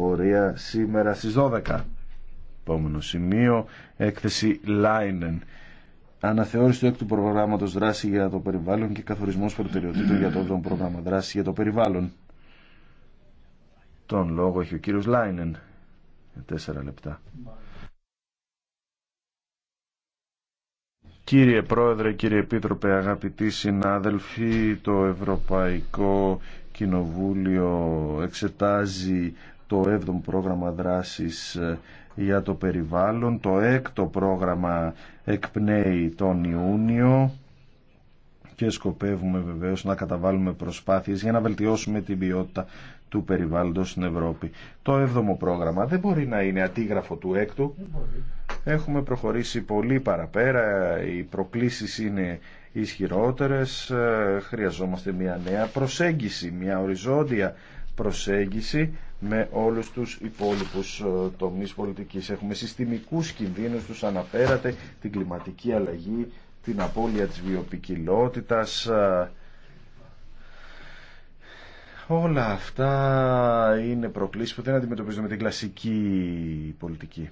Πορεία σήμερα στις 12. Επόμενο σημείο, έκθεση Λάινεν. Αναθεώρηση του έκτου προγράμματο δράση για το περιβάλλον και καθορισμό προτεραιοτήτων για το 7 πρόγραμμα δράση για το περιβάλλον. Τον λόγο έχει ο κύριο Λάινεν. Τέσσερα λεπτά. Κύριε Πρόεδρε, κύριε Επίτροπε, αγαπητοί συνάδελφοι, το Ευρωπαϊκό Κοινοβούλιο εξετάζει το 7ο πρόγραμμα δράσης ε, για το περιβάλλον, το 6ο πρόγραμμα εκπνέει τον Ιούνιο και σκοπεύουμε βεβαίως να καταβάλουμε προσπάθειες για να βελτιώσουμε την ποιότητα του περιβάλλοντος στην Ευρώπη. Το 7ο πρόγραμμα δεν μπορεί να είναι αντίγραφο του 6ου. Έχουμε προχωρήσει πολύ παραπέρα, οι προκλήσεις είναι ισχυρότερες, ε, χρειαζόμαστε μια νέα προσέγγιση, μια οριζόντια προσέγγιση με όλους τους υπόλοιπους ε, τομείς πολιτικής. Έχουμε συστημικούς κινδύνους, τους αναφέρατε, την κλιματική αλλαγή, την απώλεια της βιοπικιλότητας. Ε. Όλα αυτά είναι προκλήσεις που δεν αντιμετωπίζονται με την κλασική πολιτική.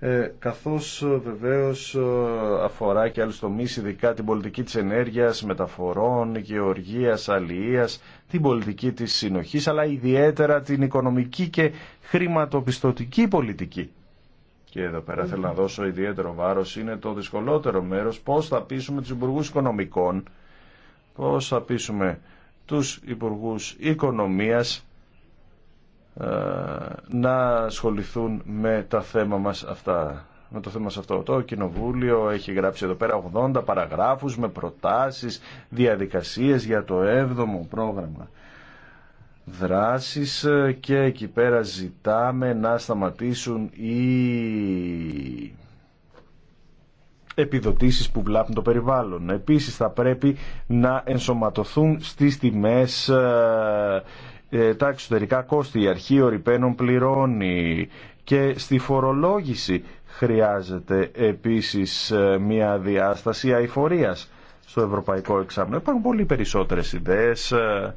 Ε, καθώς ε, βεβαίως ε, αφορά και άλλους τομείς, ειδικά την πολιτική της ενέργειας, μεταφορών, γεωργίας, αλληλείας, την πολιτική της συνοχής, αλλά ιδιαίτερα την οικονομική και χρηματοπιστωτική πολιτική. Και εδώ πέρα θέλω να δώσω ιδιαίτερο βάρος, είναι το δυσκολότερο μέρος, πώς θα πείσουμε τους υπουργού οικονομικών, πώς θα πείσουμε τους υπουργού οικονομίας, να ασχοληθούν με τα θέμα μας αυτά. Με το θέμα αυτό. Το Κοινοβούλιο έχει γράψει εδώ πέρα 80 παραγράφους με προτάσεις, διαδικασίες για το 7ο πρόγραμμα δράσεις και εκεί πέρα ζητάμε να σταματήσουν οι επιδοτήσεις που βλάπτουν το περιβάλλον. Επίσης θα πρέπει να ενσωματωθούν στις τιμές ε, ε, τα εξωτερικά κόστη, η αρχή ορυπαίνων πληρώνει και στη φορολόγηση χρειάζεται επίσης ε, μια διάσταση αηφορίας στο ευρωπαϊκό εξάμεινο. Υπάρχουν πολύ περισσότερες ιδέες ε,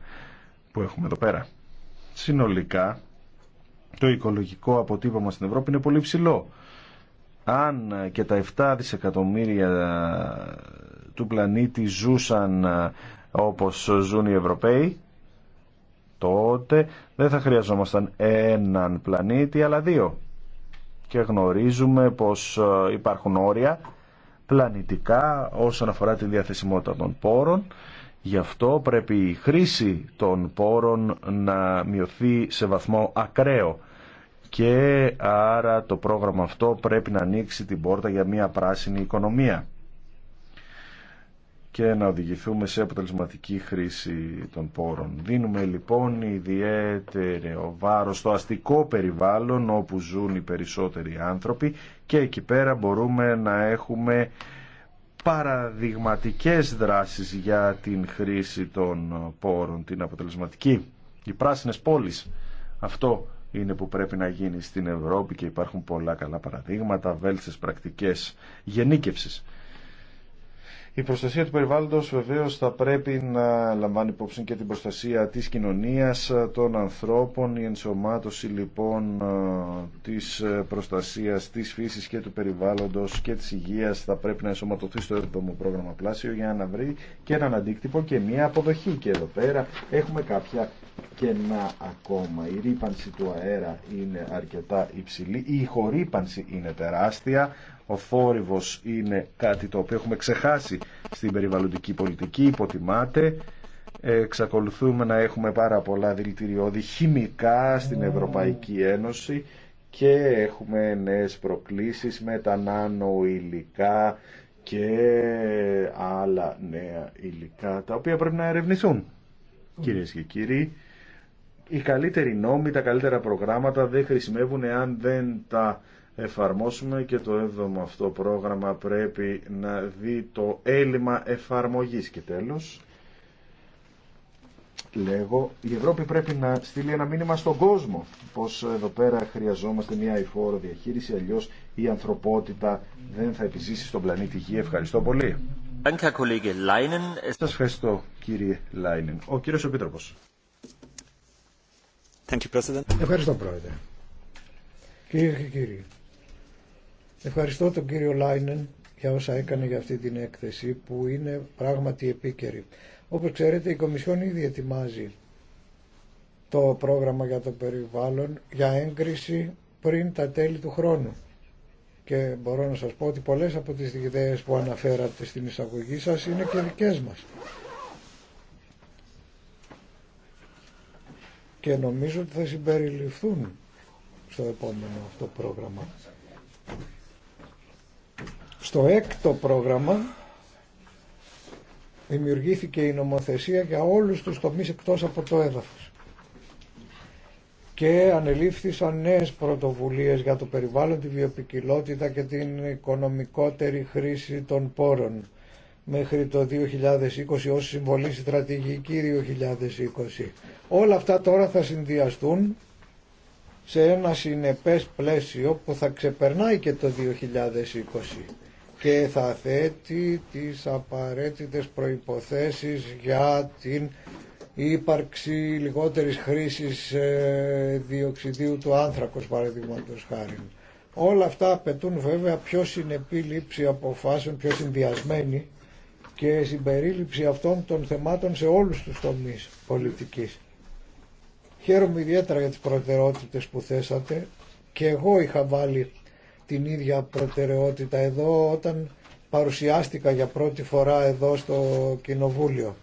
που έχουμε εδώ πέρα. Συνολικά το οικολογικό αποτύπωμα στην Ευρώπη είναι πολύ ψηλό. Αν και τα 7 δισεκατομμύρια του πλανήτη ζούσαν όπως ζουν οι Ευρωπαίοι, Οπότε δεν θα χρειαζόμασταν έναν πλανήτη, αλλά δύο. Και γνωρίζουμε πως ε, υπάρχουν όρια πλανητικά όσον αφορά τη διαθεσιμότητα των πόρων. Γι' αυτό πρέπει η χρήση των πόρων να μειωθεί σε βαθμό ακραίο και άρα το πρόγραμμα αυτό πρέπει να ανοίξει την πόρτα για μια πράσινη οικονομία και να οδηγηθούμε σε αποτελεσματική χρήση των πόρων. Δίνουμε λοιπόν ιδιαίτερο βάρος στο αστικό περιβάλλον όπου ζουν οι περισσότεροι άνθρωποι και εκεί πέρα μπορούμε να έχουμε παραδειγματικές δράσεις για την χρήση των πόρων, την αποτελεσματική. Οι πράσινες πόλεις, αυτό είναι που πρέπει να γίνει στην Ευρώπη και υπάρχουν πολλά καλά παραδείγματα, βέλτιστες πρακτικές γενίκευσης. Η προστασία του περιβάλλοντος βεβαίως θα πρέπει να λαμβάνει υπόψη και την προστασία της κοινωνίας των ανθρώπων, η ενσωμάτωση λοιπόν ε, της προστασίας της φύσης και του περιβάλλοντος και της υγείας θα πρέπει να ενσωματωθεί στο έβδομο πρόγραμμα πλάσιο για να βρει και έναν αντίκτυπο και μια αποδοχή. Και εδώ πέρα έχουμε κάποια κενά ακόμα. Η ρήπανση του αέρα είναι αρκετά υψηλή, η χορύπανση είναι τεράστια, ο θόρυβος είναι κάτι το οποίο έχουμε ξεχάσει στην περιβαλλοντική πολιτική, υποτιμάται. Εξακολουθούμε να έχουμε πάρα πολλά δηλητηριώδη χημικά στην ναι. Ευρωπαϊκή Ένωση και έχουμε νέες προκλήσεις με τα υλικά και άλλα νέα υλικά τα οποία πρέπει να ερευνηθούν. Κυρίε και κύριοι, οι καλύτεροι νόμοι, τα καλύτερα προγράμματα δεν χρησιμεύουν εάν δεν τα εφαρμόσουμε και το έβδομο αυτό πρόγραμμα πρέπει να δει το έλλειμμα εφαρμογής και τέλος λέγω η Ευρώπη πρέπει να στείλει ένα μήνυμα στον κόσμο πως εδώ πέρα χρειαζόμαστε μια υφόρο διαχείριση αλλιώς η ανθρωπότητα δεν θα επιζήσει στον πλανήτη Γη Ευχαριστώ πολύ Σας ευχαριστώ κύριε Λάινεν Ο κύριος Επίτροπος Ευχαριστώ πρόεδρε Κύριε και κύριοι Ευχαριστώ τον κύριο Λάινεν για όσα έκανε για αυτή την έκθεση που είναι πράγματι επίκαιρη. Όπως ξέρετε η Κομισιόν ήδη ετοιμάζει το πρόγραμμα για το περιβάλλον για έγκριση πριν τα τέλη του χρόνου. Και μπορώ να σας πω ότι πολλές από τις ιδέες που αναφέρατε στην εισαγωγή σας είναι και δικές μας. Και νομίζω ότι θα συμπεριληφθούν στο επόμενο αυτό πρόγραμμα. Στο έκτο πρόγραμμα δημιουργήθηκε η νομοθεσία για όλους τους τομείς εκτός από το έδαφος και ανελήφθησαν νέες πρωτοβουλίες για το περιβάλλον, τη βιοπικιλότητα και την οικονομικότερη χρήση των πόρων μέχρι το 2020 ως συμβολή στρατηγική 2020. Όλα αυτά τώρα θα συνδυαστούν σε ένα συνεπές πλαίσιο που θα ξεπερνάει και το 2020 και θα θέτει τις απαραίτητες προϋποθέσεις για την ύπαρξη λιγότερης χρήσης ε, διοξιδίου του άνθρακος παραδείγματος χάρη. Όλα αυτά απαιτούν βέβαια πιο συνεπή λήψη αποφάσεων, πιο συνδυασμένη και συμπερίληψη αυτών των θεμάτων σε όλους τους τομείς πολιτικής. Χαίρομαι ιδιαίτερα για τις προτεραιότητες που θέσατε και εγώ είχα βάλει την ίδια προτεραιότητα εδώ όταν παρουσιάστηκα για πρώτη φορά εδώ στο Κοινοβούλιο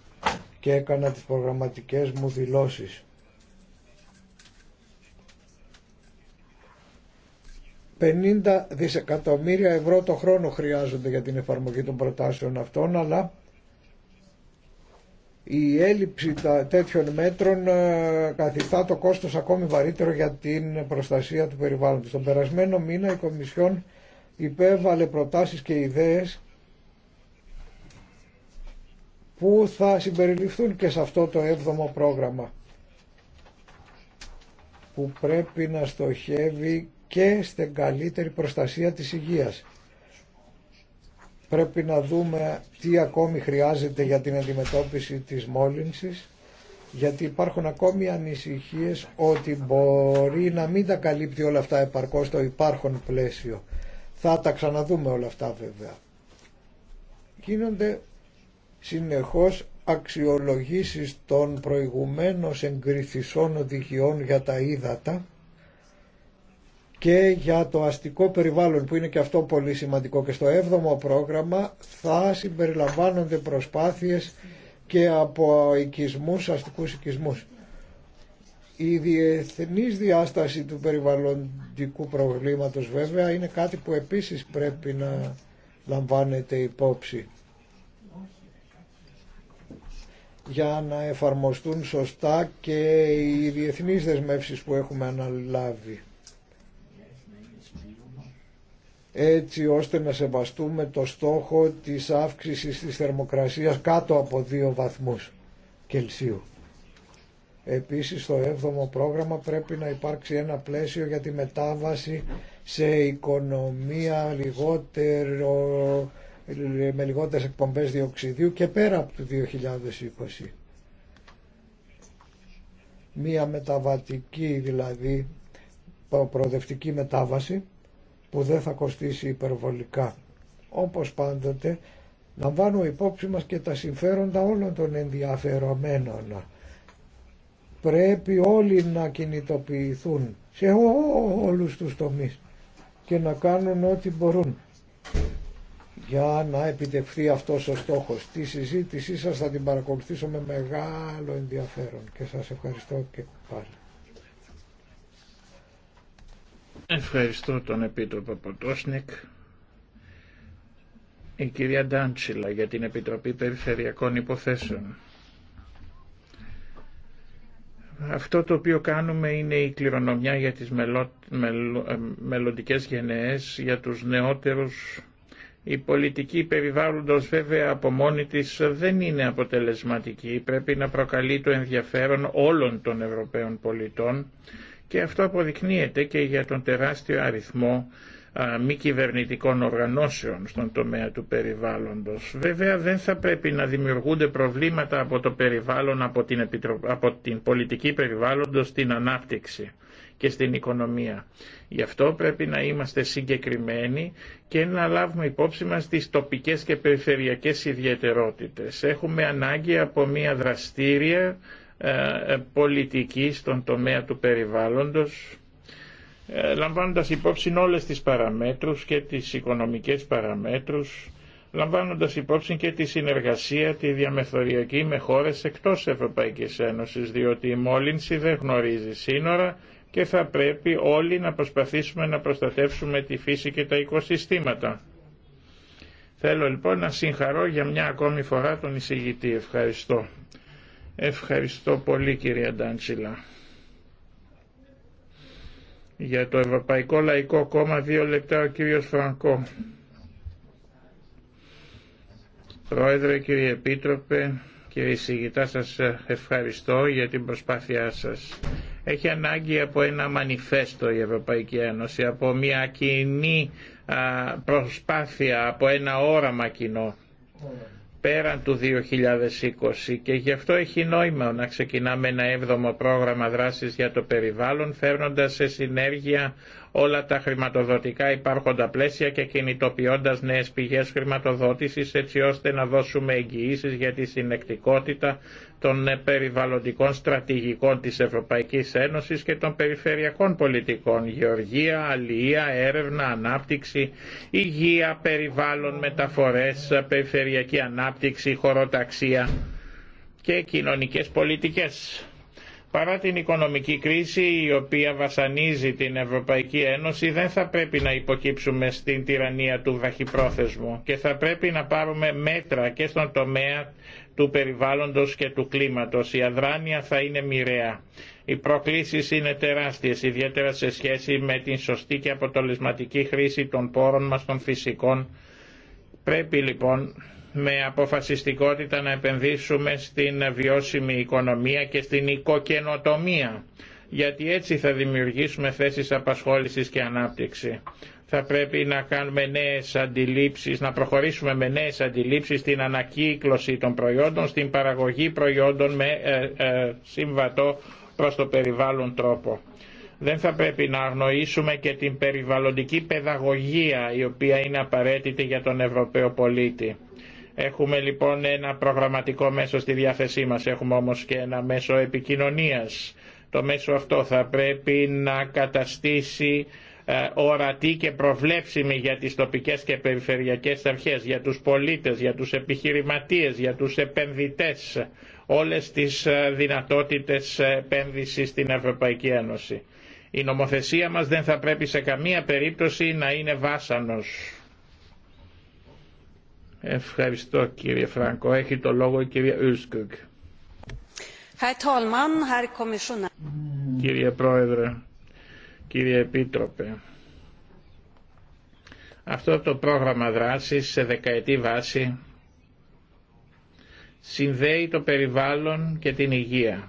και έκανα τις προγραμματικές μου δηλώσεις. «50 δισεκατομμύρια ευρώ το χρόνο χρειάζονται για την εφαρμογή των προτάσεων αυτών, αλλά η έλλειψη τέτοιων μέτρων ε, καθιστά το κόστος ακόμη βαρύτερο για την προστασία του περιβάλλοντος. Τον περασμένο μήνα η Κομισιόν υπέβαλε προτάσεις και ιδέες που θα συμπεριληφθούν και σε αυτό το 7ο πρόγραμμα που πρέπει να στοχεύει και στην καλύτερη προστασία της υγείας. Πρέπει να δούμε τι ακόμη χρειάζεται για την αντιμετώπιση της μόλυνσης γιατί υπάρχουν ακόμη ανησυχίες ότι μπορεί να μην τα καλύπτει όλα αυτά επαρκώς το υπάρχον πλαίσιο. Θα τα ξαναδούμε όλα αυτά βέβαια. Γίνονται συνεχώς αξιολογήσεις των προηγουμένως εγκριθισών οδηγιών για τα ύδατα και για το αστικό περιβάλλον που είναι και αυτό πολύ σημαντικό και στο 7ο πρόγραμμα θα συμπεριλαμβάνονται προσπάθειες και από οικισμούς, αστικούς οικισμούς. Η διεθνής διάσταση του περιβαλλοντικού προβλήματος βέβαια είναι κάτι που επίσης πρέπει να λαμβάνεται υπόψη για να εφαρμοστούν σωστά και οι διεθνείς δεσμεύσεις που έχουμε αναλάβει έτσι ώστε να σεβαστούμε το στόχο της αύξησης της θερμοκρασίας κάτω από 2 βαθμούς Κελσίου. Επίσης στο 7ο πρόγραμμα πρέπει να υπάρξει ένα πλαίσιο για τη μετάβαση σε οικονομία λιγότερο, με λιγότερες εκπομπές διοξιδίου και πέρα από το 2020. Μία μεταβατική δηλαδή προοδευτική μετάβαση που δεν θα κοστίσει υπερβολικά. Όπως πάντοτε, λαμβάνω υπόψη μας και τα συμφέροντα όλων των ενδιαφερομένων. Πρέπει όλοι να κινητοποιηθούν σε όλους τους τομείς και να κάνουν ό,τι μπορούν για να επιτευχθεί αυτός ο στόχος. Τη συζήτησή σας θα την παρακολουθήσω με μεγάλο ενδιαφέρον και σας ευχαριστώ και πάλι. Ευχαριστώ τον Επίτροπο Ποτόσνικ. Η κυρία Ντάντσιλα για την Επιτροπή Περιφερειακών Υποθέσεων. Αυτό το οποίο κάνουμε είναι η κληρονομιά για τις μελο... Μελο... Ε, για τους νεότερους. Η πολιτική περιβάλλοντος βέβαια από μόνη της δεν είναι αποτελεσματική. Πρέπει να προκαλεί το ενδιαφέρον όλων των Ευρωπαίων πολιτών και αυτό αποδεικνύεται και για τον τεράστιο αριθμό μη κυβερνητικών οργανώσεων στον τομέα του περιβάλλοντος. Βέβαια δεν θα πρέπει να δημιουργούνται προβλήματα από το περιβάλλον, από την, από την πολιτική περιβάλλοντος, στην ανάπτυξη και στην οικονομία. Γι' αυτό πρέπει να είμαστε συγκεκριμένοι και να λάβουμε υπόψη μας τις τοπικές και περιφερειακές ιδιαιτερότητες. Έχουμε ανάγκη από μια δραστήρια ε, ε, πολιτική στον τομέα του περιβάλλοντος ε, λαμβάνοντας υπόψη όλες τις παραμέτρους και τις οικονομικές παραμέτρους λαμβάνοντας υπόψη και τη συνεργασία τη διαμεθοριακή με χώρες εκτός Ευρωπαϊκής Ένωσης διότι η μόλυνση δεν γνωρίζει σύνορα και θα πρέπει όλοι να προσπαθήσουμε να προστατεύσουμε τη φύση και τα οικοσυστήματα. Θέλω λοιπόν να συγχαρώ για μια ακόμη φορά τον εισηγητή. Ευχαριστώ. Ευχαριστώ πολύ κυρία Ντάντσιλα. Για το Ευρωπαϊκό Λαϊκό Κόμμα δύο λεπτά ο κύριος Φρανκό. Πρόεδρε, κύριε Επίτροπε, κύριε Συγητά, σας ευχαριστώ για την προσπάθειά σας. Έχει ανάγκη από ένα μανιφέστο η Ευρωπαϊκή Ένωση, από μια κοινή προσπάθεια, από ένα όραμα κοινό πέραν του 2020 και γι' αυτό έχει νόημα να ξεκινάμε ένα έβδομο πρόγραμμα δράσης για το περιβάλλον φέρνοντας σε συνέργεια όλα τα χρηματοδοτικά υπάρχοντα πλαίσια και κινητοποιώντας νέες πηγές χρηματοδότησης έτσι ώστε να δώσουμε εγγυήσεις για τη συνεκτικότητα των ε, περιβαλλοντικών στρατηγικών της Ευρωπαϊκής Ένωσης και των περιφερειακών πολιτικών, γεωργία, αλληλεία, έρευνα, ανάπτυξη, υγεία, περιβάλλον, μεταφορές, περιφερειακή ανάπτυξη, χωροταξία και κοινωνικές πολιτικές. Παρά την οικονομική κρίση η οποία βασανίζει την Ευρωπαϊκή Ένωση δεν θα πρέπει να υποκύψουμε στην τυραννία του βαχυπρόθεσμου και θα πρέπει να πάρουμε μέτρα και στον τομέα του περιβάλλοντος και του κλίματος. Η αδράνεια θα είναι μοιραία. Οι προκλήσεις είναι τεράστιες, ιδιαίτερα σε σχέση με την σωστή και αποτελεσματική χρήση των πόρων μας των φυσικών. Πρέπει λοιπόν με αποφασιστικότητα να επενδύσουμε στην βιώσιμη οικονομία και στην οικοκαινοτομία, γιατί έτσι θα δημιουργήσουμε θέσεις απασχόλησης και ανάπτυξη θα πρέπει να κάνουμε νέες αντιλήψεις, να προχωρήσουμε με νέες αντιλήψεις στην ανακύκλωση των προϊόντων, στην παραγωγή προϊόντων με ε, ε, συμβατό προς το περιβάλλον τρόπο. Δεν θα πρέπει να αγνοήσουμε και την περιβαλλοντική παιδαγωγία η οποία είναι απαραίτητη για τον Ευρωπαίο πολίτη. Έχουμε λοιπόν ένα προγραμματικό μέσο στη διάθεσή μας, έχουμε όμως και ένα μέσο επικοινωνίας. Το μέσο αυτό θα πρέπει να καταστήσει ε, ορατή και προβλέψιμη για τις τοπικές και περιφερειακές αρχές, για τους πολίτες, για τους επιχειρηματίες, για τους επενδυτές, όλες τις ε, δυνατότητες επένδυσης στην Ευρωπαϊκή Ένωση. Η νομοθεσία μας δεν θα πρέπει σε καμία περίπτωση να είναι βάσανος. Ευχαριστώ κύριε Φρανκο. Έχει το λόγο η κυρία Ουλσκουγκ. Κύριε Πρόεδρε, κύριε Επίτροπε. Αυτό το πρόγραμμα δράσης σε δεκαετή βάση συνδέει το περιβάλλον και την υγεία.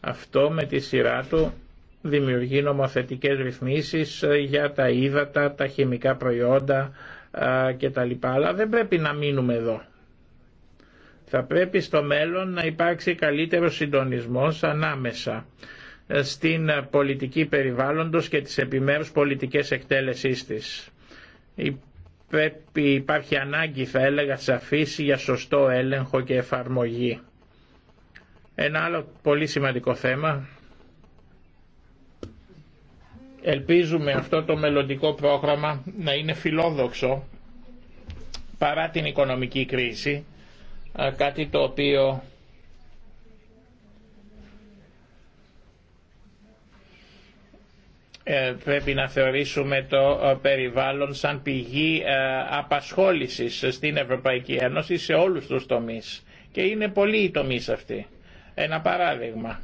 Αυτό με τη σειρά του δημιουργεί νομοθετικές ρυθμίσεις για τα ύδατα, τα χημικά προϊόντα κτλ. Αλλά δεν πρέπει να μείνουμε εδώ. Θα πρέπει στο μέλλον να υπάρξει καλύτερο συντονισμός ανάμεσα στην πολιτική περιβάλλοντος και τις επιμέρους πολιτικές εκτέλεσής της. υπάρχει ανάγκη θα έλεγα σαφής για σωστό έλεγχο και εφαρμογή. Ένα άλλο πολύ σημαντικό θέμα. Ελπίζουμε αυτό το μελλοντικό πρόγραμμα να είναι φιλόδοξο παρά την οικονομική κρίση, κάτι το οποίο Ε, πρέπει να θεωρήσουμε το ε, περιβάλλον σαν πηγή ε, απασχόλησης στην Ευρωπαϊκή Ένωση σε όλους τους τομείς. Και είναι πολλοί οι τομείς αυτοί. Ένα παράδειγμα.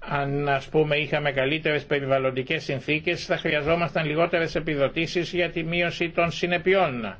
Αν ας πούμε είχαμε καλύτερες περιβαλλοντικές συνθήκες θα χρειαζόμασταν λιγότερες επιδοτήσεις για τη μείωση των συνεπειών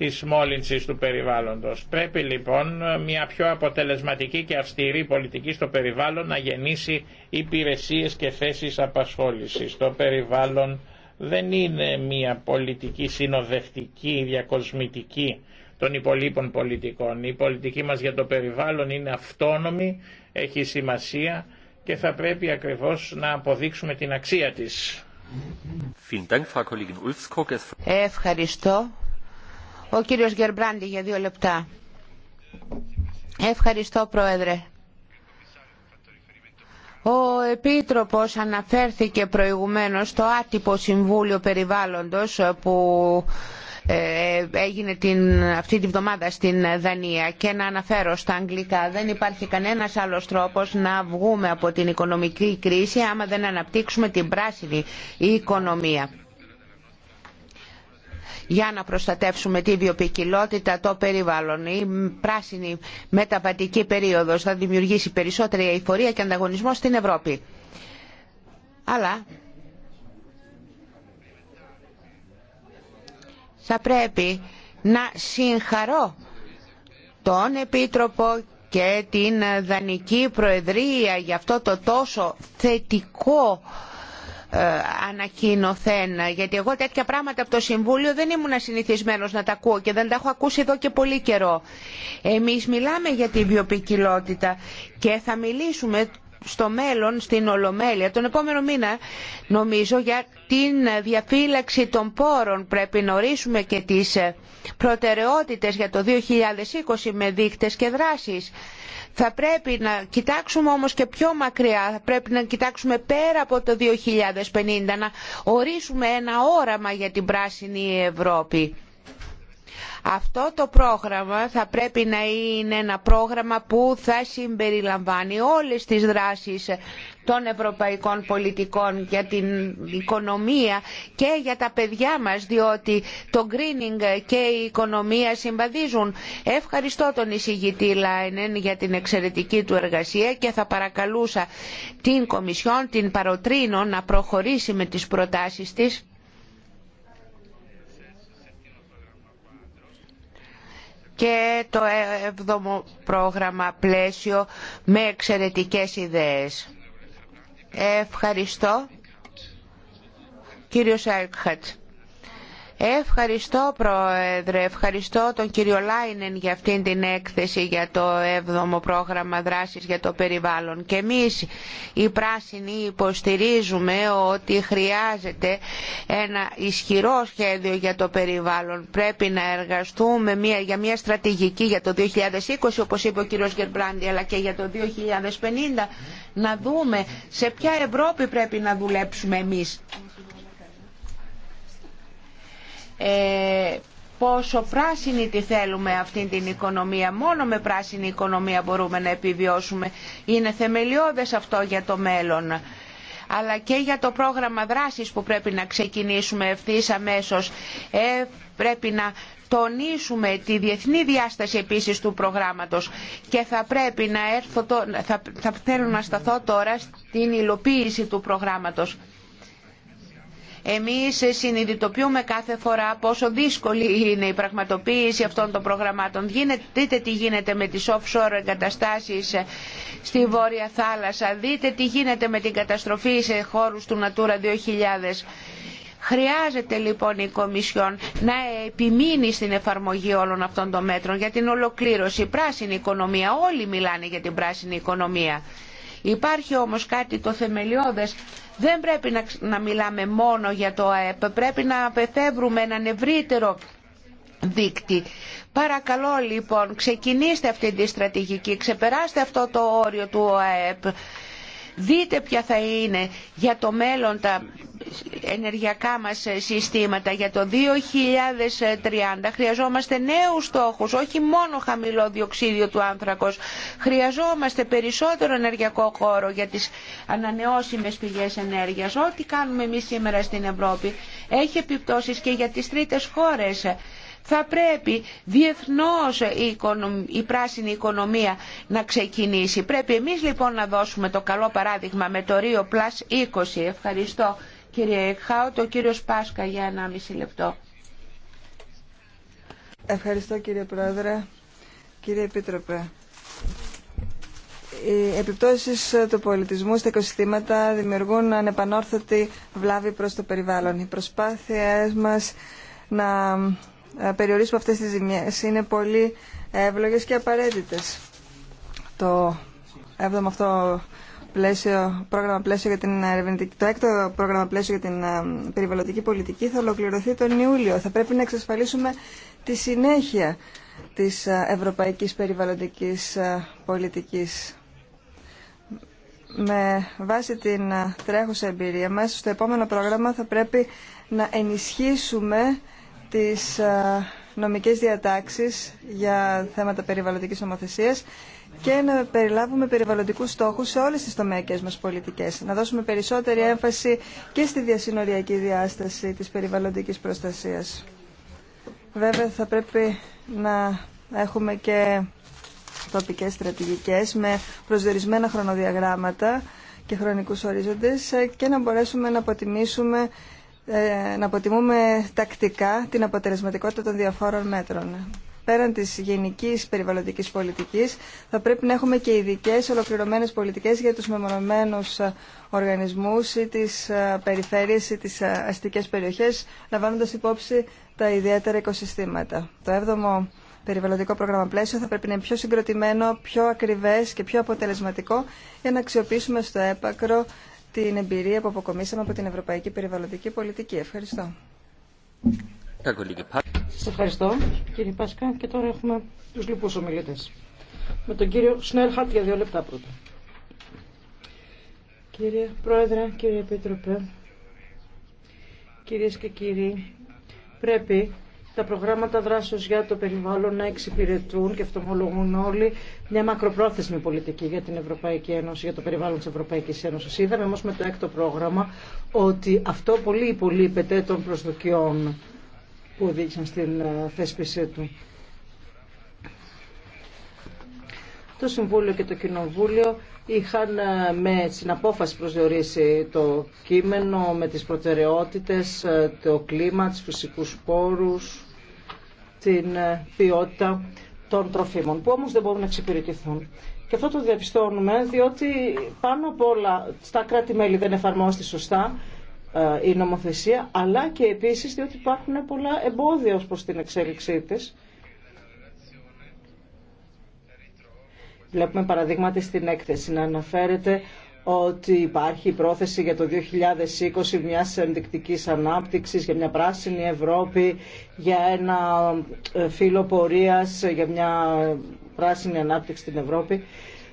της μόλυνσης του περιβάλλοντος. Πρέπει λοιπόν μια πιο αποτελεσματική και αυστηρή πολιτική στο περιβάλλον να γεννήσει υπηρεσίες και θέσεις απασχόλησης. Το περιβάλλον δεν είναι μια πολιτική συνοδευτική, διακοσμητική των υπολείπων πολιτικών. Η πολιτική μας για το περιβάλλον είναι αυτόνομη, έχει σημασία και θα πρέπει ακριβώς να αποδείξουμε την αξία της. Ευχαριστώ. Ο κύριος Γερμπράντη για δύο λεπτά. Ευχαριστώ Πρόεδρε. Ο Επίτροπος αναφέρθηκε προηγουμένως στο άτυπο Συμβούλιο Περιβάλλοντος που ε, έγινε την, αυτή τη βδομάδα στην Δανία και να αναφέρω στα αγγλικά δεν υπάρχει κανένας άλλος τρόπος να βγούμε από την οικονομική κρίση άμα δεν αναπτύξουμε την πράσινη οικονομία για να προστατεύσουμε τη βιοποικιλότητα, το περιβάλλον. Η πράσινη μεταβατική περίοδος θα δημιουργήσει περισσότερη αηφορία και ανταγωνισμό στην Ευρώπη. Αλλά θα πρέπει να συγχαρώ τον Επίτροπο και την Δανική Προεδρία για αυτό το τόσο θετικό ε, ανακοίνωθεν γιατί εγώ τέτοια πράγματα από το Συμβούλιο δεν ήμουν συνηθισμένο να τα ακούω και δεν τα έχω ακούσει εδώ και πολύ καιρό. Εμείς μιλάμε για την βιοποικιλότητα και θα μιλήσουμε στο μέλλον στην Ολομέλεια τον επόμενο μήνα νομίζω για την διαφύλαξη των πόρων πρέπει να ορίσουμε και τις προτεραιότητες για το 2020 με δίκτες και δράσεις. Θα πρέπει να κοιτάξουμε όμως και πιο μακριά, θα πρέπει να κοιτάξουμε πέρα από το 2050, να ορίσουμε ένα όραμα για την πράσινη Ευρώπη. Αυτό το πρόγραμμα θα πρέπει να είναι ένα πρόγραμμα που θα συμπεριλαμβάνει όλες τις δράσεις των ευρωπαϊκών πολιτικών για την οικονομία και για τα παιδιά μας διότι το greening και η οικονομία συμβαδίζουν. Ευχαριστώ τον εισηγητή Λάινεν για την εξαιρετική του εργασία και θα παρακαλούσα την Κομισιόν, την Παροτρίνο να προχωρήσει με τις προτάσεις της και το έβδομο πρόγραμμα πλαίσιο με εξαιρετικές ιδέες. Ευχαριστώ. Κύριο Σάικχατ. Ευχαριστώ Πρόεδρε, ευχαριστώ τον κύριο Λάινεν για αυτήν την έκθεση για το 7ο πρόγραμμα δράσης για το περιβάλλον. Και εμείς οι πράσινοι υποστηρίζουμε ότι χρειάζεται ένα ισχυρό σχέδιο για το περιβάλλον. Πρέπει να εργαστούμε μια, για μια στρατηγική για το 2020 όπως είπε ο κύριος Γερμπράντη αλλά και για το 2050 να δούμε σε ποια Ευρώπη πρέπει να δουλέψουμε εμείς ε, πόσο πράσινη τη θέλουμε αυτή την οικονομία. Μόνο με πράσινη οικονομία μπορούμε να επιβιώσουμε. Είναι θεμελιώδες αυτό για το μέλλον αλλά και για το πρόγραμμα δράσης που πρέπει να ξεκινήσουμε ευθύς αμέσως. Ε, πρέπει να τονίσουμε τη διεθνή διάσταση επίσης του προγράμματος και θα πρέπει να έρθω, θα, θα θέλω να σταθώ τώρα στην υλοποίηση του προγράμματος. Εμείς συνειδητοποιούμε κάθε φορά πόσο δύσκολη είναι η πραγματοποίηση αυτών των προγραμμάτων. δείτε τι γίνεται με τις offshore εγκαταστάσεις στη Βόρεια Θάλασσα, δείτε τι γίνεται με την καταστροφή σε χώρους του Natura 2000. Χρειάζεται λοιπόν η Κομισιόν να επιμείνει στην εφαρμογή όλων αυτών των μέτρων για την ολοκλήρωση. Πράσινη οικονομία, όλοι μιλάνε για την πράσινη οικονομία. Υπάρχει όμως κάτι το θεμελιώδες. Δεν πρέπει να, να μιλάμε μόνο για το ΑΕΠ, πρέπει να απεφεύρουμε έναν ευρύτερο δίκτυ. Παρακαλώ λοιπόν ξεκινήστε αυτή τη στρατηγική, ξεπεράστε αυτό το όριο του ΑΕΠ Δείτε ποια θα είναι για το μέλλον τα ενεργειακά μας συστήματα. Για το 2030 χρειαζόμαστε νέους στόχους, όχι μόνο χαμηλό διοξίδιο του άνθρακος. Χρειαζόμαστε περισσότερο ενεργειακό χώρο για τις ανανεώσιμες πηγές ενέργειας. Ό,τι κάνουμε εμείς σήμερα στην Ευρώπη έχει επιπτώσεις και για τις τρίτες χώρες. Θα πρέπει διεθνώς η πράσινη οικονομία να ξεκινήσει. Πρέπει εμείς λοιπόν να δώσουμε το καλό παράδειγμα με το Rio 20. Ευχαριστώ κύριε Εκχάου, το κύριο Πάσκα για 1,5 λεπτό. Ευχαριστώ κύριε Πρόεδρε, κύριε Επίτροπε. Οι επιπτώσεις του πολιτισμού στα οικοσυστήματα δημιουργούν ανεπανόρθωτη βλάβη προς το περιβάλλον. Οι προσπάθειές μας να ε, περιορίσουμε αυτές τις ζημιές. Είναι πολύ εύλογες και απαραίτητες. Το 7ο αυτό πλαίσιο, πρόγραμμα πλαίσιο για την το έκτο πρόγραμμα πλαίσιο για την ε, περιβαλλοντική πολιτική θα ολοκληρωθεί τον Ιούλιο. Θα πρέπει να εξασφαλίσουμε τη συνέχεια της ε, ευρωπαϊκής περιβαλλοντικής πολιτικής. Με βάση την τρέχουσα εμπειρία μας, στο επόμενο πρόγραμμα θα πρέπει να ενισχύσουμε τις ε, νομικές διατάξεις για θέματα περιβαλλοντικής νομοθεσίας και να περιλάβουμε περιβαλλοντικούς στόχους σε όλες τις τομέακες μας πολιτικές. Να δώσουμε περισσότερη έμφαση και στη διασυνοριακή διάσταση της περιβαλλοντικής προστασίας. Βέβαια θα πρέπει να έχουμε και τοπικές στρατηγικές με προσδιορισμένα χρονοδιαγράμματα και χρονικούς ορίζοντες και να μπορέσουμε να αποτιμήσουμε ε, να αποτιμούμε τακτικά την αποτελεσματικότητα των διαφόρων μέτρων. Πέραν τη γενική περιβαλλοντική πολιτική θα πρέπει να έχουμε και ειδικέ ολοκληρωμένε πολιτικέ για του μεμονωμένου οργανισμού ή τι ε, περιφέρειες ή τι ε, αστικέ περιοχέ, λαμβάνοντα υπόψη τα ιδιαίτερα οικοσυστήματα. Το 7ο περιβαλλοντικό πρόγραμμα πλαίσιο θα πρέπει να είναι πιο συγκροτημένο, πιο ακριβέ και πιο αποτελεσματικό για να αξιοποιήσουμε στο έπακρο την εμπειρία που αποκομίσαμε από την Ευρωπαϊκή Περιβαλλοντική Πολιτική. Ευχαριστώ. Σας ευχαριστώ κύριε Πάσκα και τώρα έχουμε τους λοιπούς ομιλητές. Με τον κύριο Σνέρχαρτ για δύο λεπτά πρώτα. Κύριε Πρόεδρε, κύριε Επίτροπε, κυρίες και κύριοι, πρέπει τα προγράμματα δράσεω για το περιβάλλον να εξυπηρετούν και αυτομολογούν όλοι μια μακροπρόθεσμη πολιτική για την Ευρωπαϊκή Ένωση, για το περιβάλλον τη Ευρωπαϊκή Ένωση. Είδαμε όμω με το έκτο πρόγραμμα ότι αυτό πολύ υπολείπεται των προσδοκιών που οδήγησαν στην ε, θέσπιση του. το Συμβούλιο και το Κοινοβούλιο είχαν ε, με συναπόφαση προσδιορίσει το κείμενο με τις προτεραιότητες, ε, το κλίμα, τις φυσικούς πόρους, την ε, ποιότητα των τροφίμων, που όμως δεν μπορούν να εξυπηρετηθούν. Και αυτό το διαπιστώνουμε διότι πάνω απ' όλα στα κράτη-μέλη δεν εφαρμόζεται σωστά η νομοθεσία, αλλά και επίσης διότι υπάρχουν πολλά εμπόδια ως προς την εξέλιξή της Βλέπουμε παραδείγματι στην έκθεση να αναφέρεται ότι υπάρχει πρόθεση για το 2020 μια ενδεικτική ανάπτυξη για μια πράσινη Ευρώπη, για ένα ε, φύλλο πορεία ε, για μια πράσινη ανάπτυξη στην Ευρώπη.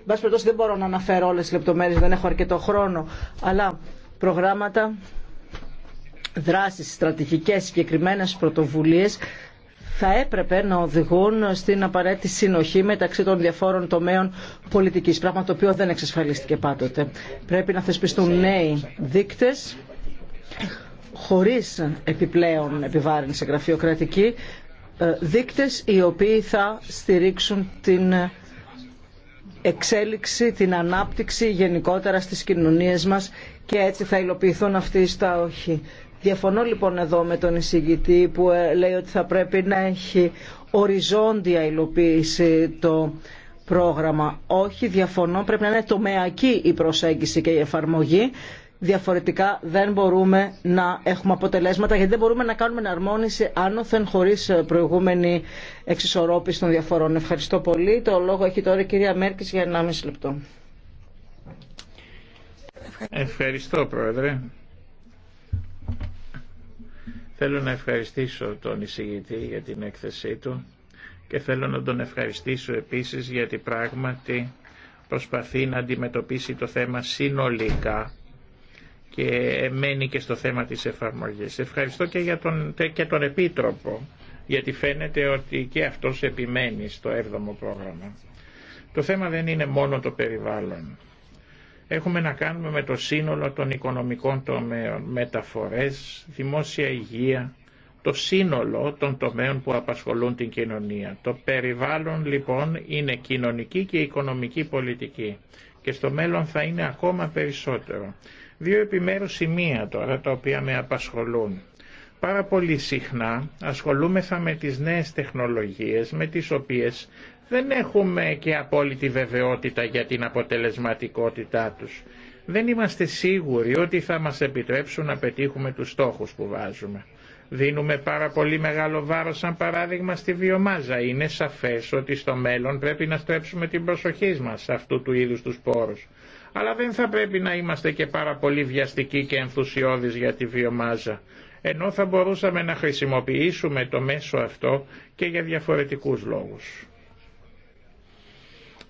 Μπα περιπτώσει δεν μπορώ να αναφέρω όλες τι λεπτομέρειες, δεν έχω αρκετό χρόνο, αλλά προγράμματα, δράσεις, στρατηγικέ, συγκεκριμένε πρωτοβουλίε θα έπρεπε να οδηγούν στην απαραίτητη συνοχή μεταξύ των διαφόρων τομέων πολιτικής, πράγμα το οποίο δεν εξασφαλίστηκε πάντοτε. Πρέπει να θεσπιστούν νέοι δείκτε χωρίς επιπλέον επιβάρυνση γραφειοκρατική, ε, δίκτες οι οποίοι θα στηρίξουν την εξέλιξη, την ανάπτυξη γενικότερα στις κοινωνίες μας και έτσι θα υλοποιηθούν αυτοί στα όχι. Διαφωνώ λοιπόν εδώ με τον εισηγητή που ε, λέει ότι θα πρέπει να έχει οριζόντια υλοποίηση το πρόγραμμα. Όχι, διαφωνώ, πρέπει να είναι τομεακή η προσέγγιση και η εφαρμογή. Διαφορετικά δεν μπορούμε να έχουμε αποτελέσματα γιατί δεν μπορούμε να κάνουμε εναρμόνιση άνωθεν χωρίς ε, προηγούμενη εξισορρόπηση των διαφορών. Ευχαριστώ πολύ. Το λόγο έχει τώρα η κυρία Μέρκης για 1,5 λεπτό. Ευχαριστώ Πρόεδρε. Θέλω να ευχαριστήσω τον εισηγητή για την έκθεσή του και θέλω να τον ευχαριστήσω επίσης γιατί πράγματι προσπαθεί να αντιμετωπίσει το θέμα συνολικά και μένει και στο θέμα της εφαρμογής. Ευχαριστώ και, για τον, και τον Επίτροπο, γιατί φαίνεται ότι και αυτός επιμένει στο 7ο πρόγραμμα. Το θέμα δεν είναι μόνο το περιβάλλον. Έχουμε να κάνουμε με το σύνολο των οικονομικών τομέων, μεταφορές, δημόσια υγεία, το σύνολο των τομέων που απασχολούν την κοινωνία. Το περιβάλλον λοιπόν είναι κοινωνική και οικονομική πολιτική και στο μέλλον θα είναι ακόμα περισσότερο. Δύο επιμέρους σημεία τώρα τα οποία με απασχολούν. Πάρα πολύ συχνά ασχολούμεθα με τις νέες τεχνολογίες με τις οποίες δεν έχουμε και απόλυτη βεβαιότητα για την αποτελεσματικότητά τους. Δεν είμαστε σίγουροι ότι θα μας επιτρέψουν να πετύχουμε τους στόχους που βάζουμε. Δίνουμε πάρα πολύ μεγάλο βάρος σαν παράδειγμα στη βιομάζα. Είναι σαφές ότι στο μέλλον πρέπει να στρέψουμε την προσοχή μας σε αυτού του είδους τους πόρους. Αλλά δεν θα πρέπει να είμαστε και πάρα πολύ βιαστικοί και ενθουσιώδεις για τη βιομάζα. Ενώ θα μπορούσαμε να χρησιμοποιήσουμε το μέσο αυτό και για διαφορετικούς λόγους.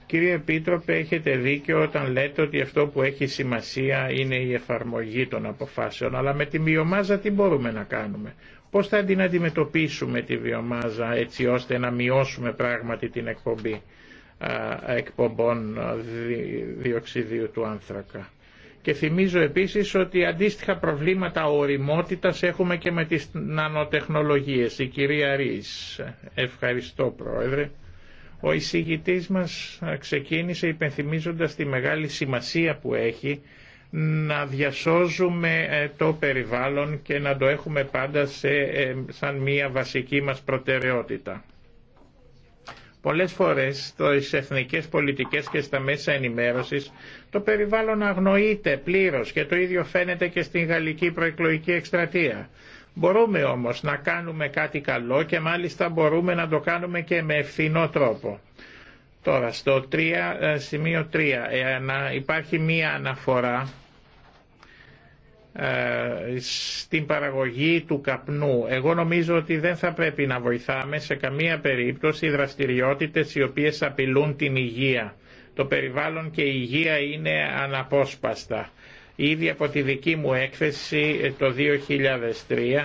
Κύριε Επίτροπε, έχετε δίκιο όταν λέτε ότι αυτό που έχει σημασία είναι η εφαρμογή των αποφάσεων, αλλά με τη βιομάζα τι μπορούμε να κάνουμε. Πώς θα την αντιμετωπίσουμε τη βιομάζα έτσι ώστε να μειώσουμε πράγματι την εκπομπή εκπομπών διοξιδίου του άνθρακα. Και θυμίζω επίσης ότι αντίστοιχα προβλήματα οριμότητας έχουμε και με τις νανοτεχνολογίες. Η κυρία Ρίς. Ευχαριστώ Πρόεδρε. Ο εισηγητής μας ξεκίνησε υπενθυμίζοντας τη μεγάλη σημασία που έχει να διασώζουμε ε, το περιβάλλον και να το έχουμε πάντα ε, σαν μία βασική μας προτεραιότητα. Πολλές φορές στις εθνικές πολιτικές και στα μέσα ενημέρωσης το περιβάλλον αγνοείται πλήρως και το ίδιο φαίνεται και στην γαλλική προεκλογική εκστρατεία. Μπορούμε όμως να κάνουμε κάτι καλό και μάλιστα μπορούμε να το κάνουμε και με ευθυνό τρόπο. Τώρα στο 3, ε, σημείο 3 ε, υπάρχει μία αναφορά ε, στην παραγωγή του καπνού. Εγώ νομίζω ότι δεν θα πρέπει να βοηθάμε σε καμία περίπτωση δραστηριότητες οι οποίες απειλούν την υγεία. Το περιβάλλον και η υγεία είναι αναπόσπαστα. Ήδη από τη δική μου έκθεση ε, το 2003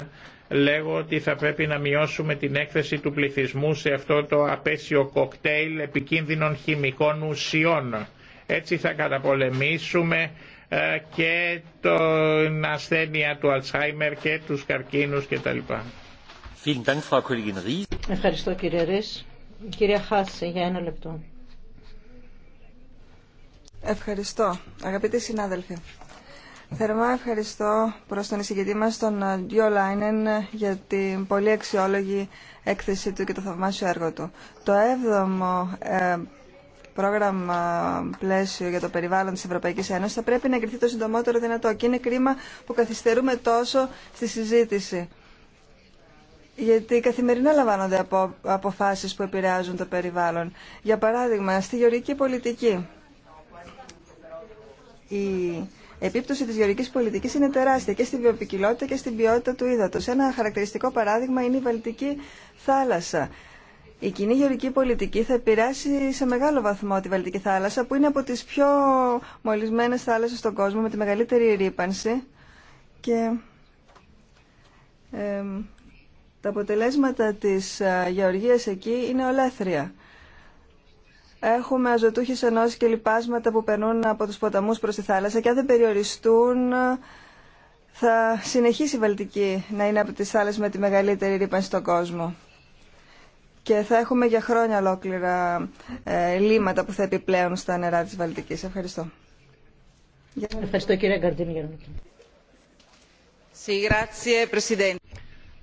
λέγω ότι θα πρέπει να μειώσουμε την έκθεση του πληθυσμού σε αυτό το απέσιο κοκτέιλ επικίνδυνων χημικών ουσιών. Έτσι θα καταπολεμήσουμε ε, και την ασθένεια του Αλτσχάιμερ και τους καρκίνους κτλ. Ευχαριστώ κύριε Ρης. Κυρία Χάση για ένα λεπτό. Ευχαριστώ. Αγαπητοί συνάδελφοι, Θερμά ευχαριστώ προς τον εισηγητή μας, τον ε, Γιώ Λάινεν, για την πολύ αξιόλογη έκθεση του και το θαυμάσιο έργο του. Το έβδομο ε, πρόγραμμα πλαίσιο για το περιβάλλον της Ευρωπαϊκής Ένωσης θα πρέπει να εγκριθεί το συντομότερο δυνατό και είναι κρίμα που καθυστερούμε τόσο στη συζήτηση. Γιατί καθημερινά λαμβάνονται απο, αποφάσεις που επηρεάζουν το περιβάλλον. Για παράδειγμα, στη γεωργική πολιτική. Η επίπτωση της γεωρικής πολιτικής είναι τεράστια και στην βιοπικιλότητα και στην ποιότητα του ύδατο. Ένα χαρακτηριστικό παράδειγμα είναι η Βαλτική θάλασσα. Η κοινή γεωρική πολιτική θα επηρεάσει σε μεγάλο βαθμό τη Βαλτική θάλασσα, που είναι από τις πιο μολυσμένες θάλασσες στον κόσμο, με τη μεγαλύτερη ρήπανση. Και τα αποτελέσματα της ε, γεωργίας εκεί είναι ολέθρια έχουμε αζωτούχε ενώσει και λοιπάσματα που περνούν από τους ποταμού προς τη θάλασσα και αν δεν περιοριστούν θα συνεχίσει η Βαλτική να είναι από τι θάλασσε με τη μεγαλύτερη ρήπανση στον κόσμο. Και θα έχουμε για χρόνια ολόκληρα ε, λίματα που θα επιπλέουν στα νερά τη Βαλτική. Ευχαριστώ. Ευχαριστώ κύριε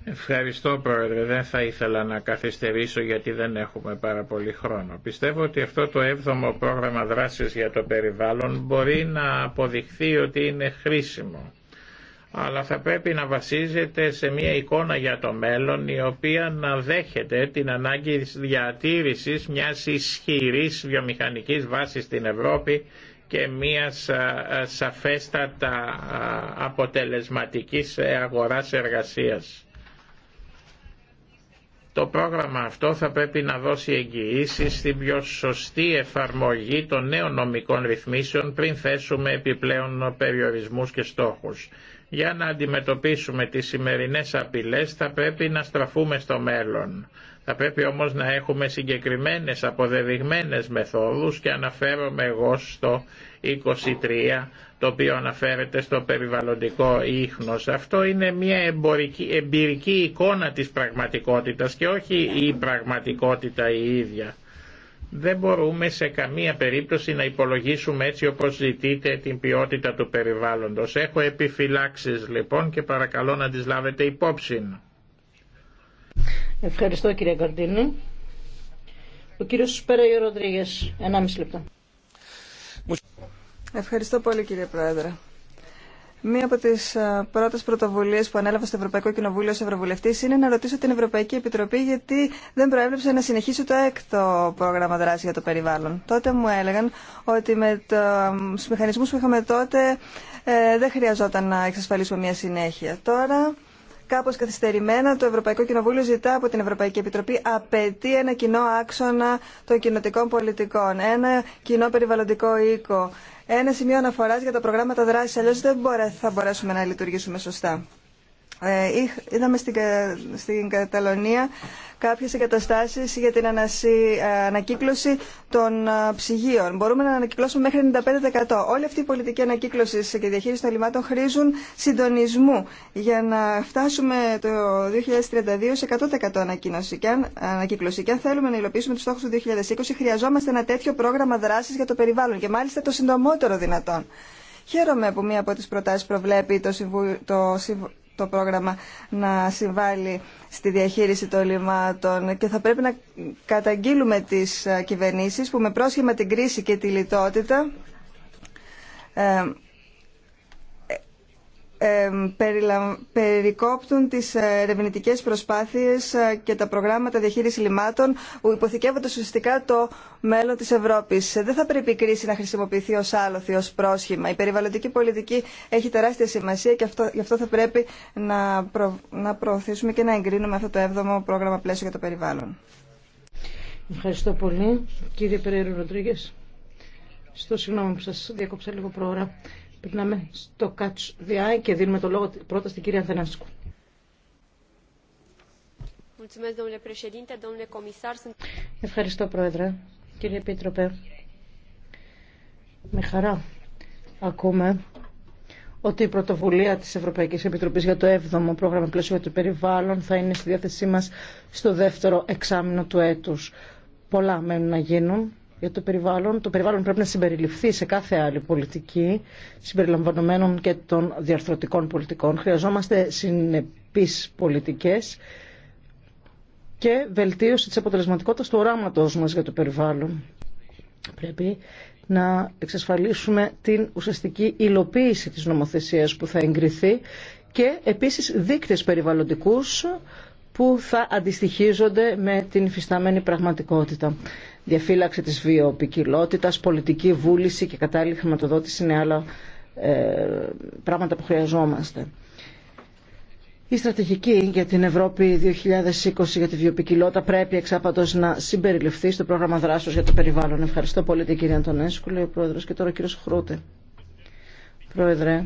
Ευχαριστώ Πρόεδρε. Δεν θα ήθελα να καθυστερήσω γιατί δεν έχουμε πάρα πολύ χρόνο. Πιστεύω ότι αυτό το 7ο πρόγραμμα δράσης για το περιβάλλον μπορεί να αποδειχθεί ότι είναι χρήσιμο. Αλλά θα πρέπει να βασίζεται σε μια εικόνα για το μέλλον η οποία να δέχεται την ανάγκη διατήρησης μιας ισχυρής βιομηχανικής βάσης στην Ευρώπη και μια σαφέστατα αποτελεσματικής αγοράς εργασίας. Το πρόγραμμα αυτό θα πρέπει να δώσει εγγυήσει στην πιο σωστή εφαρμογή των νέων νομικών ρυθμίσεων πριν θέσουμε επιπλέον περιορισμούς και στόχους. Για να αντιμετωπίσουμε τις σημερινές απειλές θα πρέπει να στραφούμε στο μέλλον. Θα πρέπει όμως να έχουμε συγκεκριμένες αποδεδειγμένες μεθόδους και αναφέρομαι εγώ στο 23 το οποίο αναφέρεται στο περιβαλλοντικό ίχνος. Αυτό είναι μια εμπορική, εμπειρική εικόνα της πραγματικότητας και όχι η πραγματικότητα η ίδια. Δεν μπορούμε σε καμία περίπτωση να υπολογίσουμε έτσι όπως ζητείτε την ποιότητα του περιβάλλοντος. Έχω επιφυλάξεις λοιπόν και παρακαλώ να τις λάβετε υπόψη. Ευχαριστώ κύριε Καρτίνη. Ο κύριος Σπέραγιο Ροδρίγες, 1,5 λεπτά. Ευχαριστώ πολύ κύριε Πρόεδρε. Μία από τι πρώτε πρωτοβουλίε που ανέλαβα στο Ευρωπαϊκό Κοινοβούλιο ω Ευρωβουλευτή είναι να ρωτήσω την Ευρωπαϊκή Επιτροπή γιατί δεν προέβλεψε να συνεχίσει το έκτο πρόγραμμα δράση για το περιβάλλον. Τότε μου έλεγαν ότι με του μηχανισμού που είχαμε τότε ε, δεν χρειαζόταν να εξασφαλίσουμε μία συνέχεια. Τώρα κάπως καθυστερημένα το Ευρωπαϊκό Κοινοβούλιο ζητά από την Ευρωπαϊκή Επιτροπή απαιτεί ένα κοινό άξονα των κοινοτικών πολιτικών, ένα κοινό περιβαλλοντικό οίκο, ένα σημείο αναφοράς για τα προγράμματα δράσης, αλλιώς δεν θα μπορέσουμε να λειτουργήσουμε σωστά. Ε, είδαμε στην, στην Καταλωνία κάποιες εγκαταστάσεις για την ε, ανακύκλωση των ε, ψυγείων. Μπορούμε να ανακυκλώσουμε μέχρι 95%. Όλη αυτή η πολιτική ανακύκλωση και διαχείριση των λιμάτων χρήζουν συντονισμού για να φτάσουμε το 2032 σε 100% ανακύκλωση. Και αν, ανακύκλωση. Και αν θέλουμε να υλοποιήσουμε τους στόχους του 2020 χρειαζόμαστε ένα τέτοιο πρόγραμμα δράσης για το περιβάλλον και μάλιστα το συντομότερο δυνατόν. Χαίρομαι που μία από τις προτάσεις προβλέπει το, συμβου... το το πρόγραμμα να συμβάλλει στη διαχείριση των λιμάτων και θα πρέπει να καταγγείλουμε τις ε, κυβερνήσεις που με πρόσχημα την κρίση και τη λιτότητα ε, περικόπτουν τις ε, ερευνητικέ προσπάθειες ε, και τα προγράμματα διαχείριση λιμάτων που υποθηκεύονται ουσιαστικά το μέλλον της Ευρώπης. Δεν θα πρέπει η κρίση να χρησιμοποιηθεί ως άλοθη, ως πρόσχημα. Η περιβαλλοντική πολιτική έχει τεράστια σημασία και αυτό, γι' αυτό θα πρέπει να, να προωθήσουμε και να εγκρίνουμε αυτό το 7ο πρόγραμμα πλαίσιο για το περιβάλλον. Ευχαριστώ πολύ. Κύριε Περέρο στο συγγνώμη που σα διακόψα λίγο προώρα. Περνάμε στο Catch the Eye και δίνουμε το λόγο πρώτα στην κυρία Θενάσκου. Ευχαριστώ, Πρόεδρε. Κύριε Επίτροπε, με χαρά ακούμε ότι η πρωτοβουλία της Ευρωπαϊκής Επιτροπής για το 7ο πρόγραμμα πλαίσιο για το περιβάλλον θα είναι στη διάθεσή μας στο δεύτερο εξάμεινο του έτους. Πολλά μένουν να γίνουν για το περιβάλλον. Το περιβάλλον πρέπει να συμπεριληφθεί σε κάθε άλλη πολιτική, συμπεριλαμβανομένων και των διαρθρωτικών πολιτικών. Χρειαζόμαστε συνεπείς πολιτικές και βελτίωση της αποτελεσματικότητας του οράματός μας για το περιβάλλον. Πρέπει να εξασφαλίσουμε την ουσιαστική υλοποίηση της νομοθεσίας που θα εγκριθεί και επίσης δείκτες περιβαλλοντικούς που θα αντιστοιχίζονται με την υφισταμένη πραγματικότητα. Διαφύλαξη της βιοποικιλότητας, πολιτική βούληση και κατάλληλη χρηματοδότηση είναι άλλα ε, πράγματα που χρειαζόμαστε. Η στρατηγική για την Ευρώπη 2020 για τη βιοπικιλότητα πρέπει εξάπατος να συμπεριληφθεί στο πρόγραμμα δράσεως για το περιβάλλον. Ευχαριστώ πολύ την κυρία Αντωνέσκου, λέει ο Πρόεδρος και τώρα ο κύριος Χρούτε. Πρόεδρε,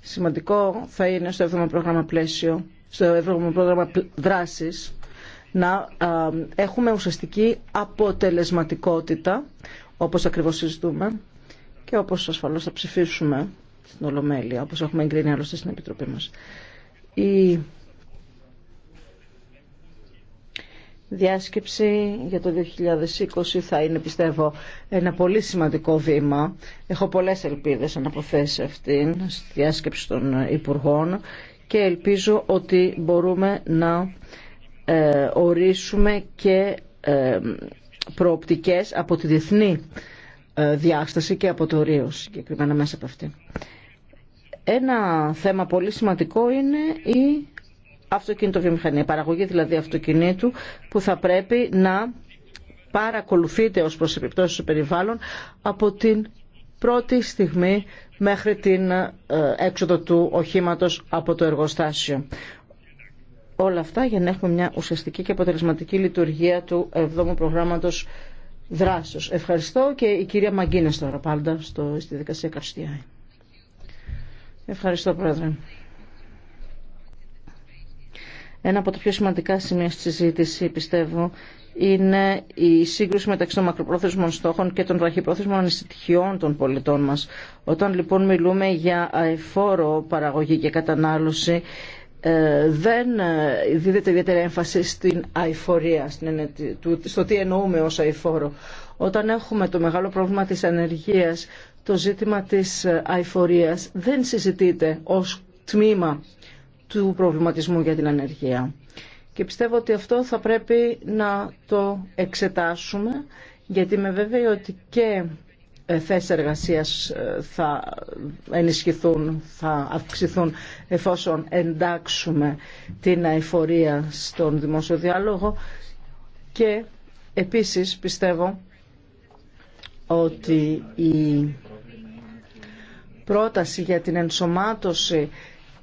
σημαντικό θα είναι στο 7ο πρόγραμμα πλαίσιο στο Ευρωπαϊκό Πρόγραμμα Δράσης να έχουμε ουσιαστική αποτελεσματικότητα, όπως ακριβώς συζητούμε και όπως ασφαλώς θα ψηφίσουμε στην Ολομέλεια, όπως έχουμε εγκρίνει άλλωστε στην Επιτροπή μας. Η διάσκεψη για το 2020 θα είναι, πιστεύω, ένα πολύ σημαντικό βήμα. Έχω πολλές ελπίδες να αυτήν στη διάσκεψη των Υπουργών και ελπίζω ότι μπορούμε να ε, ορίσουμε και ε, προοπτικές από τη διεθνή ε, διάσταση και από το Ρίο συγκεκριμένα μέσα από αυτή. Ένα θέμα πολύ σημαντικό είναι η αυτοκινητοβιομηχανία, η παραγωγή δηλαδή αυτοκινήτου που θα πρέπει να παρακολουθείται ως προς επιπτώσεις του περιβάλλον από την πρώτη στιγμή μέχρι την ε, έξοδο του οχήματος από το εργοστάσιο. Όλα αυτά για να έχουμε μια ουσιαστική και αποτελεσματική λειτουργία του 7ου προγράμματος δράσεως. Ευχαριστώ και η κυρία Μαγκίνες τώρα πάντα στο, στη δικασία Καρστιάη. Ευχαριστώ Πρόεδρε. Ένα από τα πιο σημαντικά σημεία στη συζήτηση, πιστεύω, είναι η σύγκρουση μεταξύ των μακροπρόθεσμων στόχων και των βραχυπρόθεσμων ανησυχιών των πολιτών μας. Όταν λοιπόν μιλούμε για αεφόρο παραγωγή και κατανάλωση, ε, δεν ε, δίδεται ιδιαίτερη έμφαση στην αηφορία, στο τι εννοούμε ως αηφόρο. Όταν έχουμε το μεγάλο πρόβλημα της ανεργίας, το ζήτημα της ε, αηφορίας δεν συζητείται ως τμήμα του προβληματισμού για την ανεργία. Και πιστεύω ότι αυτό θα πρέπει να το εξετάσουμε, γιατί είμαι βέβαιη ότι και ε, θέσεις εργασίας ε, θα ενισχυθούν, θα αυξηθούν εφόσον εντάξουμε την αηφορία στον δημόσιο διάλογο και επίσης πιστεύω ότι η πρόταση για την ενσωμάτωση